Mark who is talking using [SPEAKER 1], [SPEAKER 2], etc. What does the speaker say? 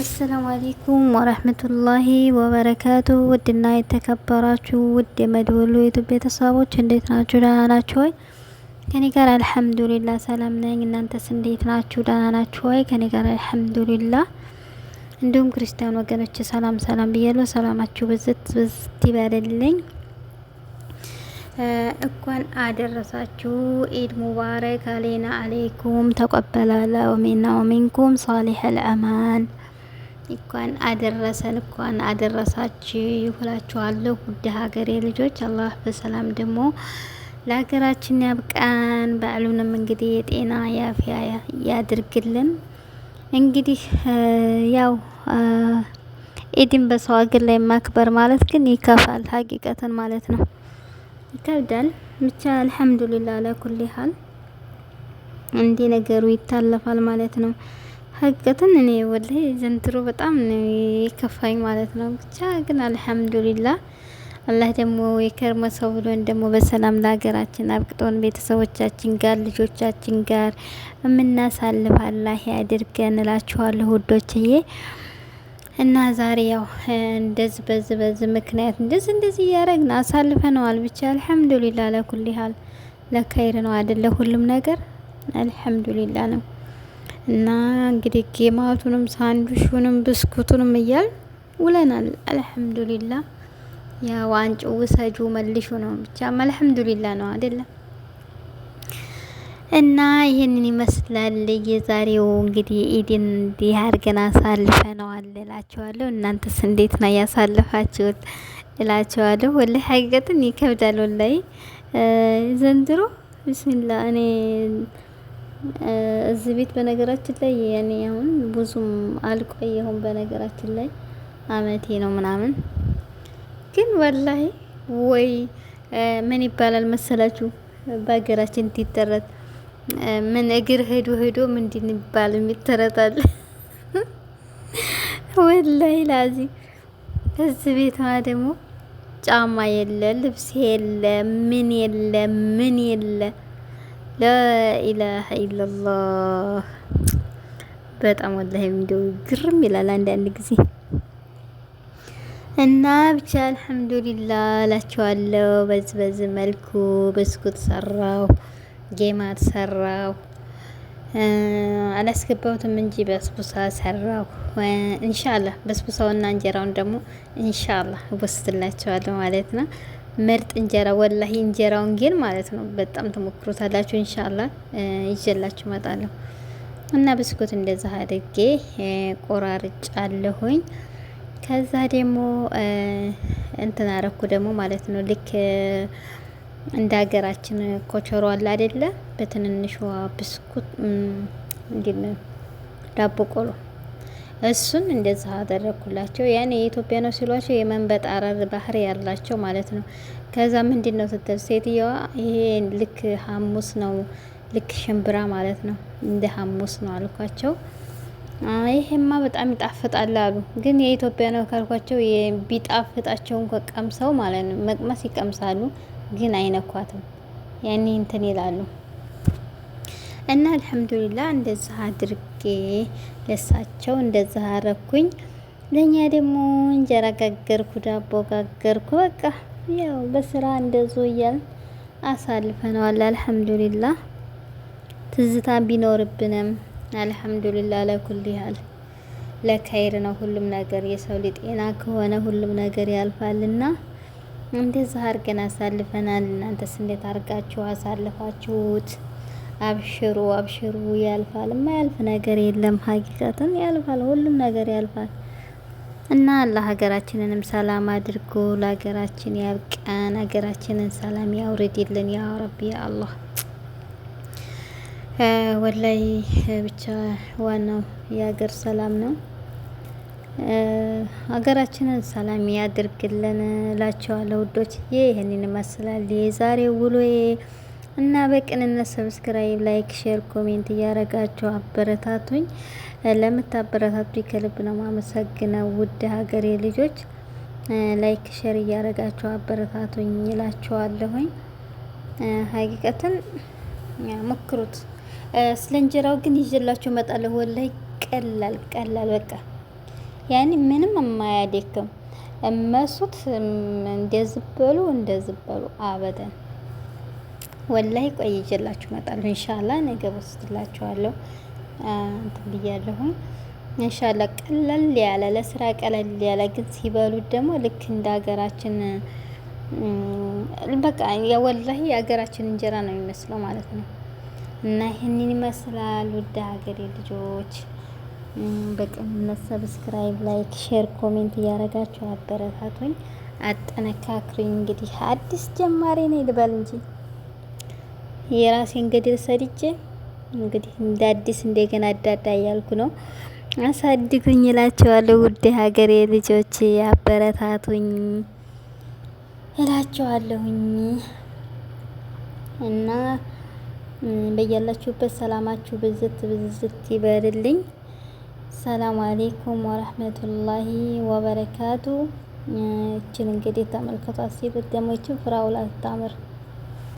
[SPEAKER 1] አሰላሙ አሌይኩም ወረህመቱላሂ ወበረካቱሁ ውድና የተከበራችሁ ውድ የመድወሉ ዩቱብ ቤተሰቦች እንዴት ናችሁ? ደህና ናችሁ ወይ? ከኔ ጋር አልሐምዱሊላ ሰላም ነኝ። እናንተስ እንዴት ናችሁ? ደህና ናችሁ ወይ? ከኔ ጋር አልሐምዱሊላ። እንዲሁም ክርስቲያን ወገኖች ሰላም ሰላም ብያለሁ። ሰላማችሁ ብዝት ብዝት ይበልልኝ። እንኳን አደረሳችሁ ኢድ ሙባረክ አሌና አሌይኩም ተቀበላላ ወሚና ወሚንኩም ሳሊሕ አልአማን እንኳን አደረሰን እንኳን አደረሳችሁ ይሁላችኋለሁ። ውድ ሀገሬ ልጆች አላህ በሰላም ደግሞ ለሀገራችን ያብቃን። በዓሉንም እንግዲህ የጤና ያፊያ ያድርግልን። እንግዲህ ያው ኢድን በሰው ሀገር ላይ ማክበር ማለት ግን ይከፋል፣ ሀቂቀትን ማለት ነው ይከብዳል። ብቻ አልሐምዱሊላህ ለኩል ሀል እንዲህ ነገሩ ይታለፋል ማለት ነው። ሀቀትን እኔ ወላሂ ዘንድሮ በጣም ነው የከፋኝ ማለት ነው። ብቻ ግን አልሐምዱሊላህ አላህ ደግሞ የከርመ ሰው ብሎን ደግሞ በሰላም ለሀገራችን አብቅቶን ቤተሰቦቻችን ጋር ልጆቻችን ጋር የምናሳልፍ አላህ ያድርገን እላችኋለሁ ውዶችዬ። እና ዛሬ ያው እንደዚህ በዚህ በዚህ ምክንያት እንደዚህ እንደዚህ እያደረግን አሳልፈነዋል። ብቻ አልሐምዱሊላህ ለኩል ያህል ለከይር ነው አይደለ? ሁሉም ነገር አልሐምዱሊላህ ነው። እና እንግዲህ ጌማቱንም ሳንዱሹንም ብስኩቱንም እያል ውለናል። አልሐምዱሊላ ያ ዋንጭ ውሰጁ መልሹ ነው ብቻ አልሐምዱሊላ ነው አይደለም። እና ይህንን ይመስላል የዛሬው እንግዲህ ኢድን እንዲህ አድርገን አሳልፈነዋል እላቸዋለሁ። እናንተስ እንዴት ነው ያሳልፋችሁት? እላቸዋለሁ። ወላሂ ሀቂቀትን ይከብዳል። ወላሂ ዘንድሮ ብስሚላ እኔ እዚህ ቤት በነገራችን ላይ እኔ አሁን ብዙም አልቆየሁም። በነገራችን ላይ አመቴ ነው ምናምን ግን ወላሂ ወይ ምን ይባላል መሰላችሁ በሀገራችን ትተረት ምን እግር ሄዶ ሄዶ ምንድን ይባል የሚተረታል። ወላሂ ላዚ እዚህ ቤቷ ደግሞ ጫማ የለ ልብስ የለ ምን የለ ምን የለ ላኢላሀ ኢለላህ በጣም ወላሂ እንደው ግርም ይላል አንዳንድ ጊዜ እና ብቻ አልሐምዱሊላ እላቸዋለሁ። በዚህ በዚህ መልኩ ብስኩት ሰራው፣ ጌማት ሰራው አላስገባሁትም እንጂ በስቡሳ ሰራው። ኢንሻአላህ በስቡሳውና እንጀራውን ደግሞ እንሻላ ወስድላቸዋለሁ ማለት ነው። ምርጥ እንጀራ ወላሂ እንጀራውን ግን ማለት ነው በጣም ተሞክሮታላችሁ። ኢንሻአላ ይዤላችሁ እመጣለሁ እና ብስኩት እንደዛ አድርጌ ቆራርጫለሁኝ። ከዛ ደግሞ እንትን አረኩ ደግሞ ማለት ነው ልክ እንደ ሀገራችን ኮቸሮ አለ አይደለ? በትንንሿ ብስኩት እንግዲህ ዳቦ ቆሎ እሱን እንደዛ አደረግኩላቸው። ያኔ የኢትዮጵያ ነው ሲሏቸው የመንበጥ አረር ባህር ያላቸው ማለት ነው። ከዛ ምንድን ነው ስትል ሴትየዋ ይሄ ልክ ሀሙስ ነው ልክ ሽምብራ ማለት ነው እንደ ሀሙስ ነው አልኳቸው። ይሄማ በጣም ይጣፍጣል አሉ። ግን የኢትዮጵያ ነው ካልኳቸው ቢጣፍጣቸው እንኳ ቀምሰው ማለት ነው መቅመስ ይቀምሳሉ፣ ግን አይነኳትም። ያኔ እንትን ይላሉ እና አልሐምዱሊላ እንደዛ አድርጌ ለሳቸው እንደዛ አረኩኝ። ለእኛ ደግሞ እንጀራ ጋገርኩ፣ ዳቦ ጋገርኩ። በቃ ያው በስራ እንደዞ እያል አሳልፈነዋል። አልሐምዱሊላ ትዝታ ቢኖርብንም አልሐምዱሊላ ለኩል ያህል ለከይር ነው ሁሉም ነገር። የሰው ጤና ከሆነ ሁሉም ነገር ያልፋልና እንደዛ አርገን አሳልፈናል። እናንተስ እንዴት አርጋችሁ አሳልፋችሁት? አብሽሩ አብሽሩ፣ ያልፋል። የማያልፍ ነገር የለም። ሀቂቀትን ያልፋል። ሁሉም ነገር ያልፋል እና ለሀገራችንንም ሰላም አድርጎ ለሀገራችን ያብቀን፣ ሀገራችንን ሰላም ያውርድልን። ያ ረቢ ያ አላህ ወላይ ብቻ ዋናው የሀገር ሰላም ነው። ሀገራችንን ሰላም ያድርግልን እላቸዋለሁ ውዶች። ይህንን ይመስላል የዛሬ ውሎዬ። እና በቅንነት ሰብስክራይብ፣ ላይክ፣ ሼር፣ ኮሜንት እያረጋችሁ አበረታቱኝ። ለምታበረታቱኝ ከልብ ነው ማመሰግነው። ውድ ሀገሬ ልጆች ላይክ ሼር እያረጋችሁ አበረታቱኝ ይላችኋለሁኝ። ሀቂቀትን ሞክሩት። ስለ እንጀራው ግን ይዤላችሁ እመጣለሁ። ወላይ ቀላል ቀላል በቃ ያኔ ምንም የማያደክም እመሱት እንደዝበሉ እንደዝበሉ አበደን ወላይ ቆይጀላችሁ እመጣለሁ። ኢንሻአላ ነገ ወስድላችኋለሁ። እንትን ብያለሁኝ። ኢንሻአላ ቀለል ያለ ለስራ ቀለል ያለ ግን ሲበሉት ደግሞ ልክ እንደ ሀገራችን በቃ ያ ወላሂ የሀገራችን እንጀራ ነው የሚመስለው ማለት ነው። እና ይህንን ይመስላል ውድ ሀገሬ ልጆች በቅንነት ሰብስክራይብ፣ ላይክ፣ ሼር፣ ኮሜንት እያደረጋችሁ አበረታቱኝ፣ አጠነካክሪኝ። እንግዲህ አዲስ ጀማሪ ነኝ ልበል እንጂ የራሴን ገደል ሰድጄ እንግዲህ እንደ አዲስ እንደገና አዳዳ እያልኩ ነው። አሳድጉኝ እላቸዋለሁ። ውድ ሀገሬ ልጆች አበረታቱኝ እላቸዋለሁኝ እና በያላችሁበት ሰላማችሁ ብዝት ብዝት ይበልልኝ። ሰላም አሌይኩም ወረህመቱላሂ ወበረካቱ። እችን እንግዲህ ተመልከቷ። ሴቶች ደግሞ ይችን ፍራውላ ታምር